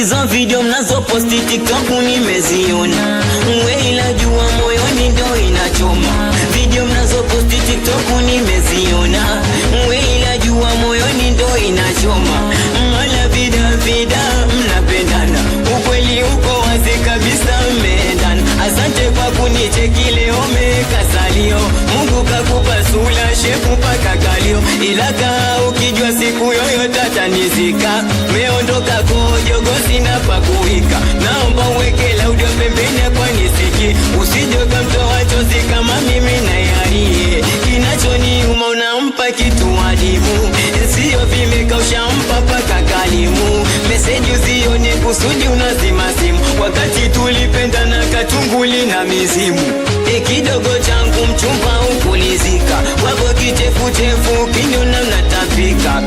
hizo video mnazoposti TikTok nimeziona, we ila jua moyoni ndo inachoma. Video mnazoposti TikTok nimeziona, we ila jua moyoni ndo inachoma. Mala vida vida mnapendana, ukweli uko wazi kabisa, mmeendan Asante kwa kunicheki leo mekasalio, Mungu sula shepu paka galio, ila kaa ukijua siku yoyote atanizika meondoka sina pa kuwika, naomba uweke ujo pembeni kwa nisiki, usije kamtoa chozi kama mimi na kinachoni Kinachoniuma unampa kitu adimu, sio vimekausha mpaka kakalimu, meseji usione kusudi unazima simu, wakati tulipendana katunguli na mizimu. E, kidogo changu mchumba ukulizika, wako kichefuchefu kinuna natapika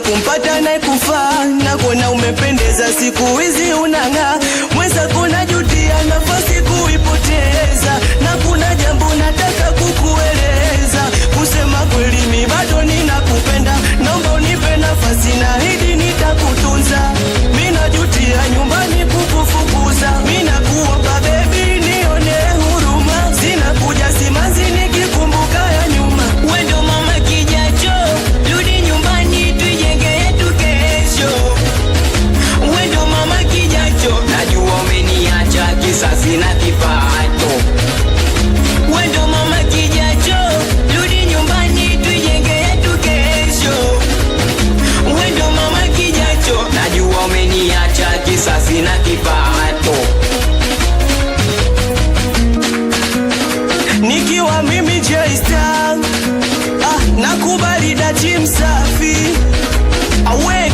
kumpata naye kufaa na kuona umependeza siku hizi unang'aa Kubali dachi msafi awe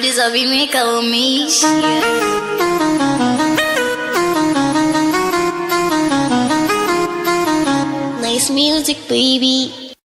flores ao vir me Nice music, baby.